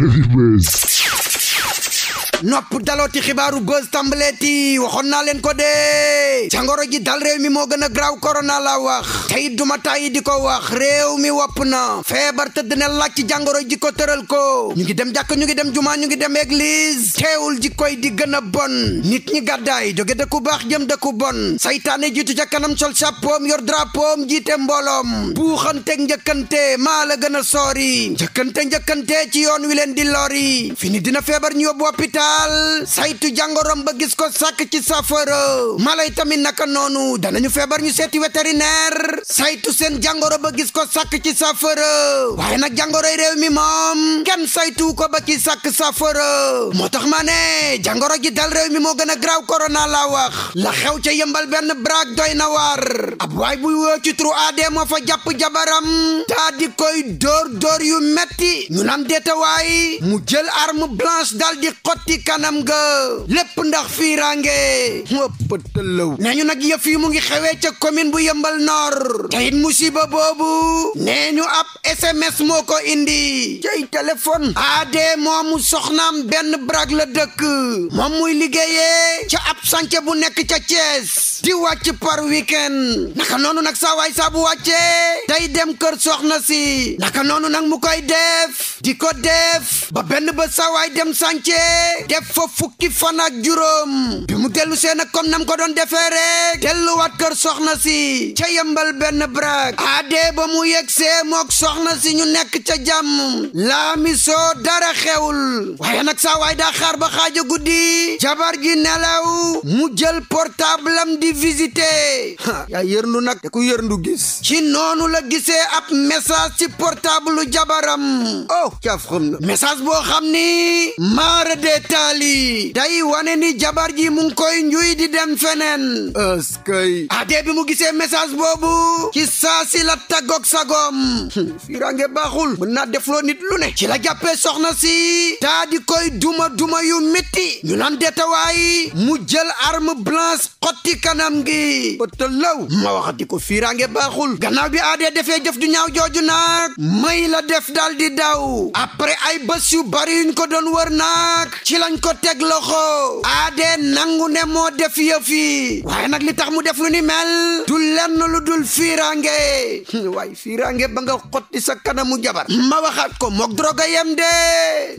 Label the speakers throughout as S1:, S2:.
S1: Heavyweight. nopp dalooti xibaaru buzz tàmbaleeti waxoon naa leen ko de jangoro ji dal réew mi moo gën a graaw korona la wax tey duma tàyyi di ko wax réew mi wopp na feebar tëdd na laaj ci jangoro ji ko tëral ko ñu ngi dem jàkk ñu ngi dem jumaa ñu ngi dem église teewul ji koy di gën a bon nit ñi gàddaay jóge dëkku baax jëm dëkku bon saytaane jiitu ca kanam sol chapeau yor drapeau jiite mbooloom buuxante njëkkante maa la gën a soori njëkkante njëkkante ci yoon wi leen di lori fini dina feebar ñu yóbbu Sénégal saytu jàngoroom ba gis ko sàkk ci safara mala yi tamit naka noonu danañu feebar ñu seeti vétérinaire saytu seen jàngoro ba gis ko sakk ci safara waaye nag jàngoroy réew mi moom kenn saytu ko ba ci sàkk safara moo tax ma ne jàngoro ji dal réew mi moo gën a graw corona laa wax la xew ca yëmbal benn braak doy na waar ab waay buy woo ci turu aadee moo fa jàpp jabaram daa di koy dóor dóor yu metti ñu naan deetawaay mu jël arme blanche dal di xotti ci kanam ga lépp ndax fiirange wëppatalaw nee ñu nag yëf yi mu ngi xewee ca commune bu yëmbal nord te it musiba boobu nee ñu ab sms moo ko indi cay téléphone aade moomu soxna benn brag la dëkk moom muy liggéeyee ca ab santé bu nekk ca Thiès di wàcc par weekend naka nag saa waay saa bu dem kër soxna si naka nag mu koy def di ko def ba benn ba saa dem santé def fa fukki fan ak juróom bi mu tellu see nag comme nam ko doon defee rek delluwaat kër soxna si ca yëmbal benn brak aadee ba mu yeg see mook soxna si ñu nekk ca jàmm laamisoo dara xewul waaye nag saa waay daa xaar ba xaaja guddi jabar gi nelaw mu jël portable am di visiter yaa yërndu nag te ku yërndu gis ci noonu la gisee ab message ci portable jabaram oh caaf xam na message boo xam ni maara dee Italie day wane ni jabar ji mu ngi koy njuy di dem feneen ëskay ade bi mu gisee message boobu ci saa si la taggoog sagom firange baaxul mën naa defloo nit lu ne ci la jàppee soxna si taa di koy duma duma yu métti ñu naan detawaay mu jël arme blanche xotti kanam gi bëta law ma waxati ko firange baaxul gannaaw bi aadee defee jëf du ñaaw jooju nag may la def daal di daw après ay bés yu ko doon wër nag ci lañ ko teg loxo aadee nangu ne moo def yëf waaye nag li tax mu def lu ni mel du lenn lu dul fiirange waaye fiirange ba nga xotti sa kanamu jabar ma waxaat ko mook droga yem de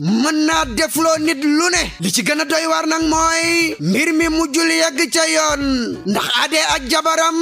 S1: mën naa defloo nit lu ne li ci gën a doy war nag mooy mbir mi mujjul yegg ca yoon ndax aadee ak jabaram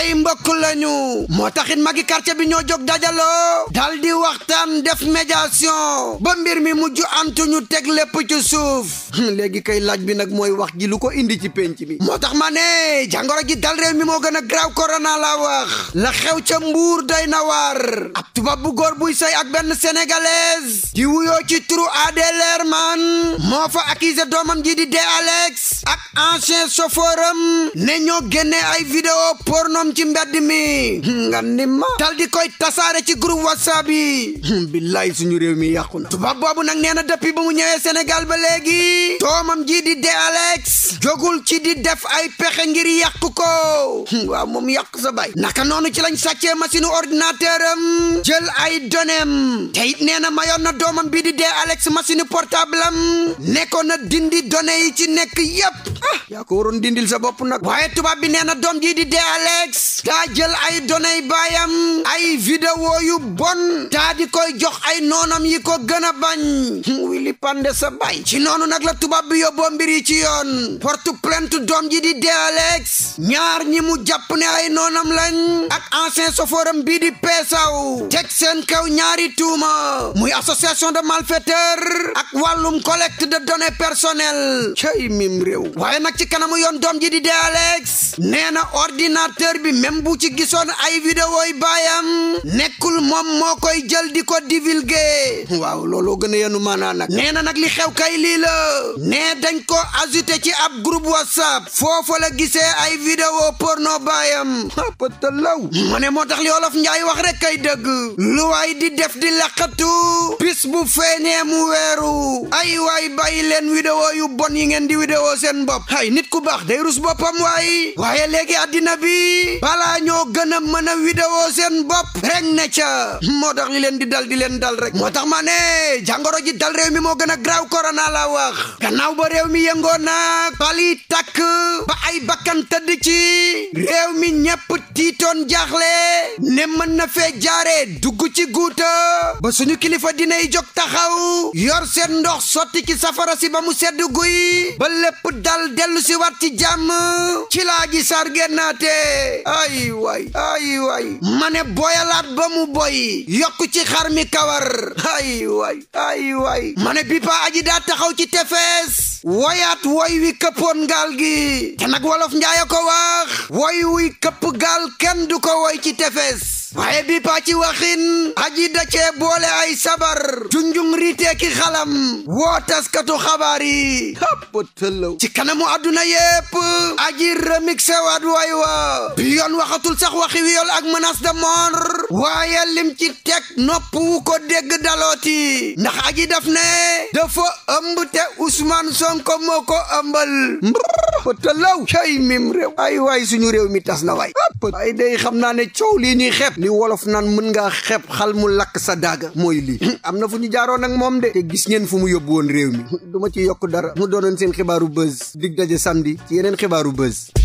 S1: ay mbokk lañu moo taxit magi quartier bi ñoo jóg dajaloo dal di waxtaan def médiation ba mbir mi mujj antuñu teg lépp ci suuf preuve léegi kay laaj bi nag mooy wax ji lu ko indi ci penc mi moo tax ma ne jàngoro ji dal réew mi moo gën a graaw korona laa wax la xew ca mbuur day na waar ab tubaab bu góor buy sëy ak benn sénégalaise di wuyoo ci turu Adé Leerman moo fa accusé doomam ji di dee Alex ak ancien chauffeuram ne ñoo génnee ay vidéo pornom ci mbedd mi nga ni ma koy tasaare ci groupe whatsapp billaay suñu réew mi yàqu na boobu nag nee na depuis ba mu ñëwee Sénégal ba léegi doomam ji di de Alex jogul ci di def ay pexe ngir yàqu ko waaw moom yàq sa bay naka noonu ci lañ sàccee machine ordinateur am jël ay doneem te it nee na mayoon na doomam bi di de Alex machine portable am nekkoon na dindi données yi ci nekk yépp ah yaa ko waroon dindil sa bopp nag waaye tubaab bi nee na doom ji di de Alex daa jël ay données baayam ay vidéo yu bon daa di koy jox ay noonam yi ko gën a bañ wili pande sa bay noonu nag la tubaab bi yóbboo mbir yi ci yoon porte plainte doom ji di dee ñaar ñi mu jàpp ne ay noonam lañ ak ancien soforam bii di peesaw teg seen kaw ñaari tuuma muy association de malfaiteurs ak wàllum collecte de données personnelles cay mim réew waaye nag ci kanamu yon doom ji di dee Alex nee na ordinateur bi même bu ci gisoon ay vidéo yi baayam nekkul moom moo koy jël di ko divulguer waaw looloo gën a yenu maanaa nag nee na nag li xew kay lii la nee dañ ko ajouté ci ab groupe whatsapp foofa la gisee ay vidéo porno baayam apatalaw mu ne moo tax li olof njaay wax rek dëgg lu waay di def di laqatu pis bu feeñee mu weeru ay waay bàyyi leen vidéo yu bon yi ngeen di vidéo seen bopp hay nit ku baax day boppam waay waaye léegi àddina bi balaa ñoo gën a mën a vidéo seen bopp rek ne ca moo tax li leen di dal di leen dal rek moo tax ma ne jàngoro ji dal réew mi moo gën a graw korona la wax gannaaw ba réew mi yëngoo nag bali takk ba ay bakkan tëdd ci réew mi ñëpp tiitoon jaxle ne mën na fee jaare dugg ci guuta ba suñu kilifa dinay jóg taxaw yor seen ndox sotti ci safara si ba mu sedd guy ba lépp dal dellu si wat ci jàmm ci laa gi sargennaate ay boyalaat ba mu boy yokk ci xar mi kawar ay way aji daa taxaw ci tefees woyaat woy wi këppoon gaal gi te wolof njaaya ko wax woy wi këpp gaal kenn du ko woy ci tefes waaye bi paa ci waxin aji da cee boole ay sabar junjung riteeki xalam woo taskatu xabaar yi xappatalaw ci kanamu adduna yépp aji remixé waat way wa bi waxatul sax waxi wi yool ak menace de mort waaye lim ci teg nopp ko dégg dalooti ndax aji daf ne dafa ëmb te Ousmane Sonko moo ko ëmbal xappatalaw cay mim réew ay waay suñu réew mi tas na waay ay day xam naa coow lii ñuy li wolof naan mën ngaa xëpp xal mu lakk sa daaga mooy lii am na fu ñu jaaroo nag moom de te gis ngeen fu mu yóbbu woon réew mi du ci yokk dara mu doonoon seen xibaaru buzz dig daje samedi ci yeneen xibaaru buzz